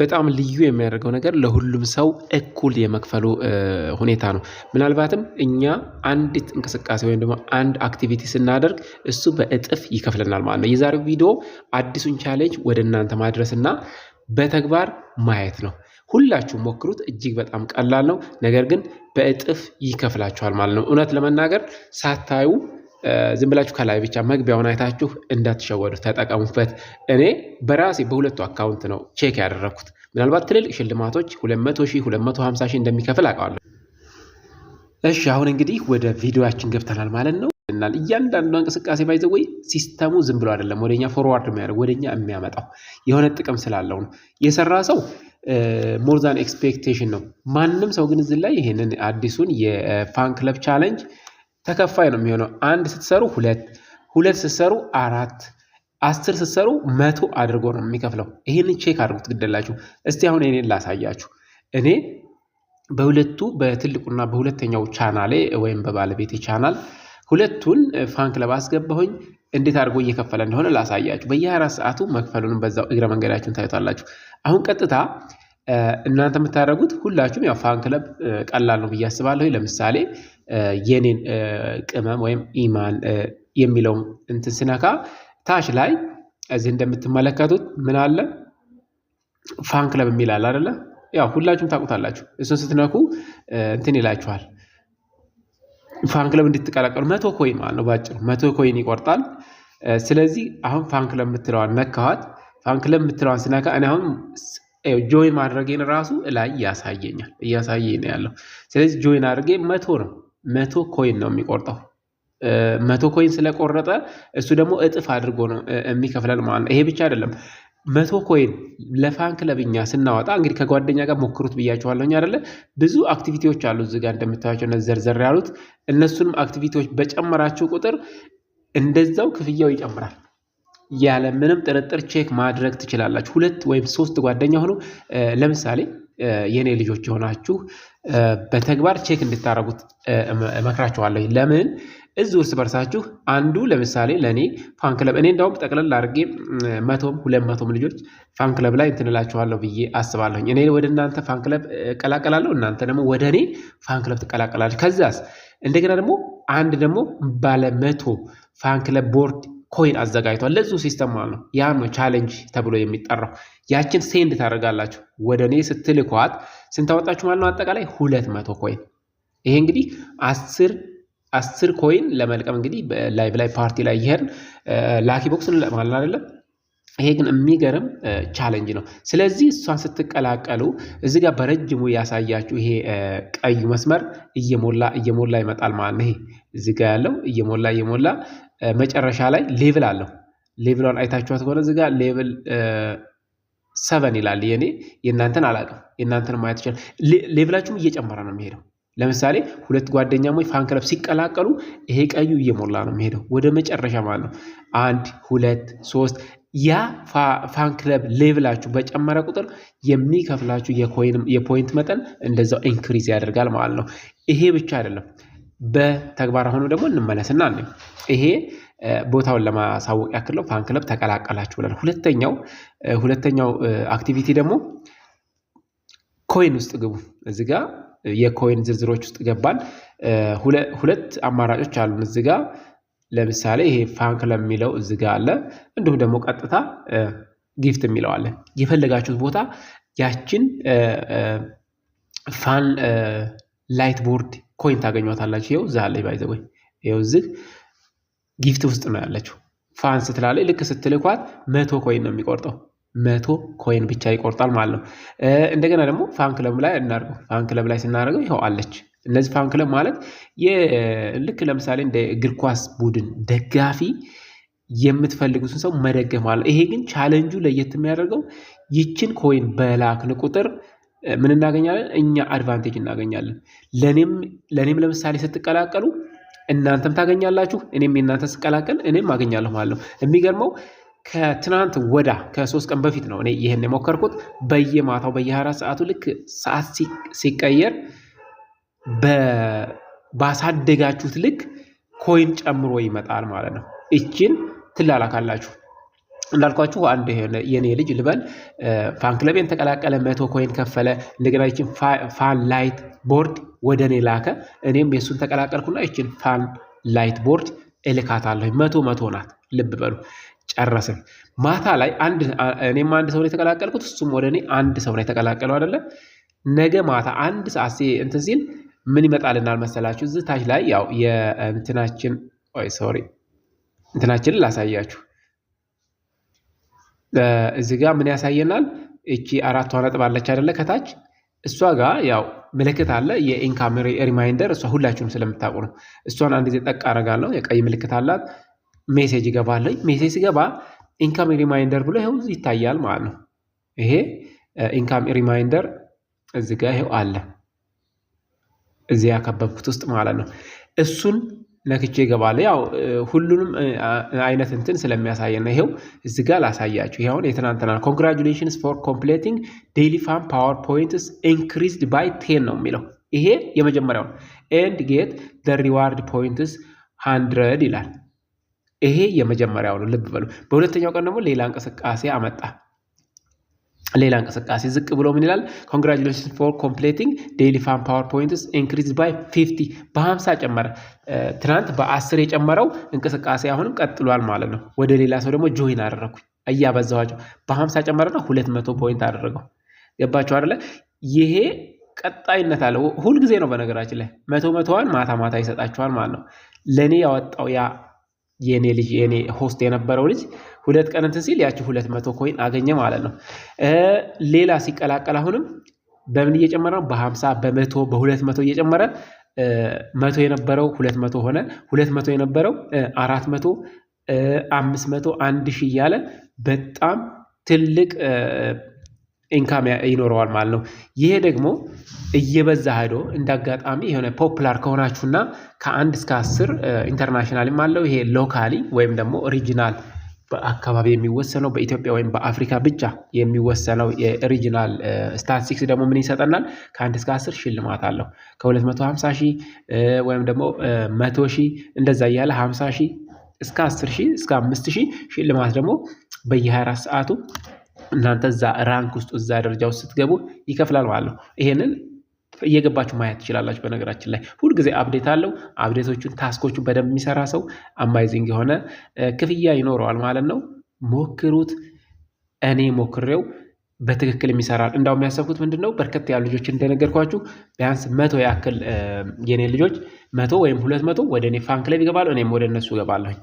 በጣም ልዩ የሚያደርገው ነገር ለሁሉም ሰው እኩል የመክፈሉ ሁኔታ ነው። ምናልባትም እኛ አንዲት እንቅስቃሴ ወይም ደግሞ አንድ አክቲቪቲ ስናደርግ እሱ በእጥፍ ይከፍለናል ማለት ነው። የዛሬው ቪዲዮ አዲሱን ቻሌንጅ ወደ እናንተ ማድረስና በተግባር ማየት ነው። ሁላችሁ ሞክሩት። እጅግ በጣም ቀላል ነው፣ ነገር ግን በእጥፍ ይከፍላችኋል ማለት ነው። እውነት ለመናገር ሳታዩ ዝም ብላችሁ ከላይ ብቻ መግቢያውን አይታችሁ እንዳትሸወዱ ተጠቀሙበት። እኔ በራሴ በሁለቱ አካውንት ነው ቼክ ያደረኩት። ምናልባት ትልልቅ ሽልማቶች 200 ሺህ 250 ሺህ እንደሚከፍል አውቃለሁ። እሺ አሁን እንግዲህ ወደ ቪዲዮችን ገብተናል ማለት ነው። እናል እያንዳንዱ እንቅስቃሴ ባይዘወይ ሲስተሙ ዝም ብሎ አይደለም ወደኛ ፎርዋርድ የሚያደርግ ወደኛ የሚያመጣው የሆነ ጥቅም ስላለው ነው የሰራ ሰው ሞርዛን ኤክስፔክቴሽን ነው። ማንም ሰው ግን እዚህ ላይ ይህንን አዲሱን የፋን ክለብ ቻለንጅ ተከፋይ ነው የሚሆነው። አንድ ስትሰሩ ሁለት፣ ሁለት ስትሰሩ አራት፣ አስር ስትሰሩ መቶ አድርጎ ነው የሚከፍለው። ይህን ቼክ አድርጉት ግደላችሁ። እስቲ አሁን እኔን ላሳያችሁ። እኔ በሁለቱ በትልቁና በሁለተኛው ቻናሌ ወይም በባለቤቴ ቻናል ሁለቱን ፋን ክለብ አስገባሁኝ። እንዴት አድርጎ እየከፈለ እንደሆነ ላሳያችሁ። በየ24 ሰዓቱ መክፈሉንም በዛው እግረ መንገዳችሁን ታዩታላችሁ። አሁን ቀጥታ እናንተ የምታደርጉት ሁላችሁም ያው ፋን ክለብ ቀላል ነው ብዬ አስባለሁ። ለምሳሌ የኔን ቅመም ወይም ኢማን የሚለው እንትን ስነካ ታች ላይ እዚህ እንደምትመለከቱት ምን አለ ፋን ክለብ የሚል አለ አይደለ? ያው ሁላችሁም ታውቁታላችሁ። እሱን ስትነኩ እንትን ይላችኋል ፋን ክለብ እንድትቀላቀሉ መቶ ኮይን ማለት ነው። ባጭሩ መቶ ኮይን ይቆርጣል። ስለዚህ አሁን ፋን ክለብ የምትለዋን ነካኋት። ፋን ክለብ የምትለዋን ስነካ እኔ አሁን ጆይን ማድረጌን ራሱ ላይ ያሳየኛል እያሳየ ነው ያለው። ስለዚህ ጆይን አድርጌ መቶ ነው መቶ ኮይን ነው የሚቆርጠው። መቶ ኮይን ስለቆረጠ እሱ ደግሞ እጥፍ አድርጎ ነው የሚከፍለን ማለት ነው። ይሄ ብቻ አይደለም። መቶ ኮይን ለፋን ክለብኛ ስናወጣ እንግዲህ ከጓደኛ ጋር ሞክሩት ብያቸዋለሁኝ አይደለ? ብዙ አክቲቪቲዎች አሉ እዚህ ጋር እንደምታዩቸው ዘርዘር ያሉት እነሱንም አክቲቪቲዎች በጨመራችሁ ቁጥር እንደዛው ክፍያው ይጨምራል። ያለ ምንም ጥርጥር ቼክ ማድረግ ትችላላችሁ። ሁለት ወይም ሶስት ጓደኛ ሆኖ ለምሳሌ የእኔ ልጆች የሆናችሁ በተግባር ቼክ እንድታደረጉት እመክራችኋለሁ። ለምን እዙ እርስ በርሳችሁ አንዱ ለምሳሌ ለእኔ ፋንክለብ እኔ እንዳውም ጠቅለል አድርጌ መቶም ሁለት መቶም ልጆች ፋንክለብ ላይ እንትንላችኋለሁ ብዬ አስባለሁ እኔ ወደ እናንተ ፋንክለብ እቀላቀላለሁ፣ እናንተ ደግሞ ወደ እኔ ፋንክለብ ትቀላቀላለች። ከዛስ እንደገና ደግሞ አንድ ደግሞ ባለ መቶ ፋንክለብ ቦርድ ኮይን አዘጋጅቷል ለዚሁ ሲስተም ማለት ነው። ያም ነው ቻሌንጅ ተብሎ የሚጠራው። ያችን ሴንድ ታደርጋላችሁ ወደ እኔ ስትልኳት ስንታወጣችሁ ማለት ነው? አጠቃላይ ሁለት መቶ ኮይን። ይሄ እንግዲህ አስር አስር ኮይን ለመልቀም እንግዲህ ላይቭ ላይ ፓርቲ ላይ ይሄን ላኪ ቦክስ ማለት አይደለም። ይሄ ግን የሚገርም ቻሌንጅ ነው። ስለዚህ እሷን ስትቀላቀሉ እዚ ጋር በረጅሙ ያሳያችሁ ይሄ ቀዩ መስመር እየሞላ እየሞላ ይመጣል ማለት ነው። ይሄ እዚ ጋር ያለው እየሞላ እየሞላ መጨረሻ ላይ ሌቭል አለው። ሌቭሏን አይታችኋት ከሆነ እዚህ ጋር ሌቭል ሰቨን ይላል። የኔ የእናንተን አላውቅም። የእናንተን ማየት ይችላል። ሌቭላችሁም እየጨመረ ነው የሚሄደው። ለምሳሌ ሁለት ጓደኛሞች ፋን ክለብ ሲቀላቀሉ ይሄ ቀዩ እየሞላ ነው የሚሄደው ወደ መጨረሻ ማለት ነው። አንድ ሁለት ሶስት ያ ፋን ክለብ ሌቭላችሁ በጨመረ ቁጥር የሚከፍላችሁ የፖይንት መጠን እንደዛው ኢንክሪዝ ያደርጋል ማለት ነው። ይሄ ብቻ አይደለም። በተግባር አሁኑ ደግሞ እንመለስና ነኝ ይሄ ቦታውን ለማሳወቅ ያክል ነው። ፋን ክለብ ተቀላቀላችሁ ብለን ሁለተኛው ሁለተኛው አክቲቪቲ ደግሞ ኮይን ውስጥ ግቡ። እዚ ጋ የኮይን ዝርዝሮች ውስጥ ገባን። ሁለት አማራጮች አሉን እዚ ጋ ለምሳሌ ይሄ ፋን ክለብ የሚለው እዚ ጋ አለ። እንዲሁም ደግሞ ቀጥታ ጊፍት የሚለው አለ። የፈለጋችሁት ቦታ ያችን ፋን ላይት ቦርድ ኮይን ታገኟታላችሁ። ይኸው እዚህ አለች ባይዘ ወይ ይኸው እዚህ ጊፍት ውስጥ ነው ያለችው። ፋን ስትላለች ልክ ስትልኳት መቶ ኮይን ነው የሚቆርጠው መቶ ኮይን ብቻ ይቆርጣል ማለት ነው። እንደገና ደግሞ ፋን ክለብ ላይ እናደርገው። ፋን ክለብ ላይ ስናደርገው ይኸው አለች። እነዚህ ፋን ክለብ ማለት ልክ ለምሳሌ እንደ እግር ኳስ ቡድን ደጋፊ የምትፈልጉትን ሰው መደገፍ ማለት ይሄ ግን ቻለንጁ ለየት የሚያደርገው ይችን ኮይን በላክን ቁጥር ምን እናገኛለን? እኛ አድቫንቴጅ እናገኛለን። ለእኔም ለምሳሌ ስትቀላቀሉ እናንተም ታገኛላችሁ፣ እኔም የእናንተ ስቀላቀል እኔም አገኛለሁ ማለት ነው። የሚገርመው ከትናንት ወዳ ከሶስት ቀን በፊት ነው እኔ ይህን የሞከርኩት። በየማታው በየ ሰዓቱ ልክ ሰዓት ሲቀየር ባሳደጋችሁት ልክ ኮይን ጨምሮ ይመጣል ማለት ነው። እችን ትላላካላችሁ። እንዳልኳችሁ አንድ የኔ ልጅ ልበል ፋን ክለቤን ተቀላቀለ፣ መቶ ኮይን ከፈለ። እንደገና ይችን ፋን ላይት ቦርድ ወደ እኔ ላከ። እኔም የእሱን ተቀላቀልኩና ይችን ፋን ላይት ቦርድ እልካታለሁ። መቶ መቶ ናት። ልብ በሉ ጨረስን። ማታ ላይ እኔም አንድ ሰው ነው የተቀላቀልኩት፣ እሱም ወደ እኔ አንድ ሰው ነው የተቀላቀለው አይደለ። ነገ ማታ አንድ ሰዓት እንትን ሲል ምን ይመጣልናል መሰላችሁ? እዚህ ታች ላይ ያው የእንትናችን ሶሪ እንትናችንን ላሳያችሁ እዚህ ጋር ምን ያሳየናል? እቺ አራቷ ነጥብ አለች አይደለ? ከታች እሷ ጋር ያው ምልክት አለ፣ የኢንካም ሪማይንደር እሷ ሁላችሁም ስለምታውቁ ነው። እሷን አንድ ጊዜ ጠቅ አደርጋለሁ። የቀይ ምልክት አላት። ሜሴጅ ይገባለኝ። ሜሴጅ ሲገባ ኢንካም ሪማይንደር ብሎ ይኸው ይታያል ማለት ነው። ይሄ ኢንካም ሪማይንደር እዚ ጋር ይኸው አለ፣ እዚህ ያከበብኩት ውስጥ ማለት ነው። እሱን ነክቼ ይገባለ ያው ሁሉንም አይነት እንትን ስለሚያሳየን ነው። ይሄው እዚ ጋር ላሳያችሁ። ይሁን የትናንትና ኮንግራጁሌሽንስ ፎር ኮምፕሌቲንግ ዴይሊ ፋም ፓወር ፖይንትስ ኢንክሪዝድ ባይ ቴን ነው የሚለው። ይሄ የመጀመሪያው ነው። ኤንድ ጌት ደ ሪዋርድ ፖይንትስ ሃንድረድ ይላል። ይሄ የመጀመሪያው ነው። ልብ በሉ። በሁለተኛው ቀን ደግሞ ሌላ እንቅስቃሴ አመጣ። ሌላ እንቅስቃሴ ዝቅ ብሎ ምን ይላል? ኮንግራጁሌሽን ፎር ኮምፕሌቲንግ ዴይሊ ፋን ፓወር ፖይንትስ ኢንክሪዝ ባይ 50 በ50 ጨመረ። ትናንት በ10 የጨመረው እንቅስቃሴ አሁንም ቀጥሏል ማለት ነው። ወደ ሌላ ሰው ደግሞ ጆይን አደረኩኝ እያበዛዋቸው በ50 ጨመረና 200 ፖይንት አደረገው። ገባቸው አይደለ? ይሄ ቀጣይነት አለ። ሁልጊዜ ነው በነገራችን ላይ መቶ መቶዋን ማታ ማታ ይሰጣቸዋል ማለት ነው። ለእኔ ያወጣው ያ የእኔ ልጅ የእኔ ሆስት የነበረው ልጅ ሁለት ቀን እንትን ሲል ያቺ ሁለት መቶ ኮይን አገኘ ማለት ነው። ሌላ ሲቀላቀል አሁንም በምን እየጨመረ ነው? በሀምሳ በመቶ በሁለት መቶ እየጨመረ መቶ የነበረው ሁለት መቶ ሆነ። ሁለት መቶ የነበረው አራት መቶ አምስት መቶ አንድ ሺህ እያለ በጣም ትልቅ ኢንካም ይኖረዋል ማለት ነው። ይሄ ደግሞ እየበዛ ሄዶ እንዳጋጣሚ የሆነ ፖፕላር ከሆናችሁና ከአንድ እስከ አስር ኢንተርናሽናልም አለው ይሄ ሎካሊ ወይም ደግሞ ኦሪጂናል በአካባቢ የሚወሰነው በኢትዮጵያ ወይም በአፍሪካ ብቻ የሚወሰነው የኦሪጂናል ስታቲስቲክስ ደግሞ ምን ይሰጠናል? ከአንድ እስከ አስር ሽልማት አለው። ከ250 ሺህ ወይም ደግሞ መቶ ሺህ እንደዛ እያለ 50 ሺህ እስከ 10 ሺህ እስከ 5 ሺህ ሽልማት ደግሞ በየ24 ሰዓቱ እናንተ እዛ ራንክ ውስጥ እዛ ደረጃ ውስጥ ስትገቡ ይከፍላል ማለት ነው። ይሄንን እየገባችሁ ማየት ትችላላችሁ። በነገራችን ላይ ሁልጊዜ አብዴት አለው። አብዴቶቹን ታስኮቹን በደንብ የሚሰራ ሰው አማይዚንግ የሆነ ክፍያ ይኖረዋል ማለት ነው። ሞክሩት። እኔ ሞክሬው በትክክል የሚሰራል። እንዳውም ያሰብኩት ምንድን ነው በርከት ያሉ ልጆች እንደነገርኳችሁ ቢያንስ መቶ ያክል የኔ ልጆች መቶ ወይም ሁለት መቶ ወደ እኔ ፋን ክለብ ይገባሉ፣ እኔም ወደ እነሱ እገባለሁኝ።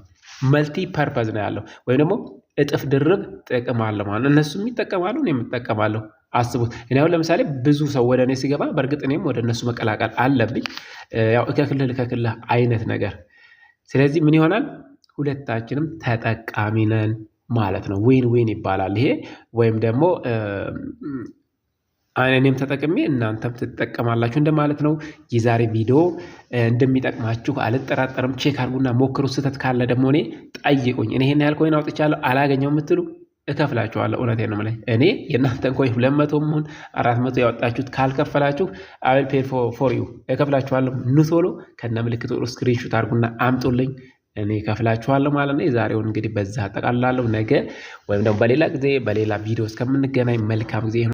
መልቲ ፐርፐዝ ነው ያለው ወይም ደግሞ እጥፍ ድርብ ጥቅም አለ ማለት እነሱም ይጠቀማሉ፣ እኔም እጠቀማለሁ። አስቡት። እኔ አሁን ለምሳሌ ብዙ ሰው ወደ እኔ ሲገባ፣ በእርግጥ እኔም ወደ እነሱ መቀላቀል አለብኝ፣ ያው እከክልህ ልከክልህ አይነት ነገር። ስለዚህ ምን ይሆናል? ሁለታችንም ተጠቃሚ ነን ማለት ነው። ዊን ዊን ይባላል ይሄ። ወይም ደግሞ እኔም ተጠቅሜ እናንተም ትጠቀማላችሁ እንደማለት ነው። የዛሬ ቪዲዮ እንደሚጠቅማችሁ አልጠራጠርም። ቼክ አድርጉና ሞክሩ። ስህተት ካለ ደግሞ እኔ ጠይቁኝ። እኔ ይሄን ያህል ኮይን አውጥቻለሁ አላገኘው የምትሉ እከፍላችኋለሁ። እውነቴን ነው የምልህ እኔ የእናንተ እንኳ ሁለት መቶ አራት መቶ ያወጣችሁት ካልከፈላችሁ አይ ፔ ፎር ዩ እከፍላችኋለሁ። ኑ ቶሎ ከነ ጥሩ ስክሪንሹት አድርጉና አምጡልኝ። እኔ ከፍላችኋለሁ ማለት ነው። የዛሬውን እንግዲህ በዛ አጠቃላለሁ። ነገ ወይም ደግሞ በሌላ ጊዜ በሌላ ቪዲዮ እስከምንገናኝ መልካም ጊዜ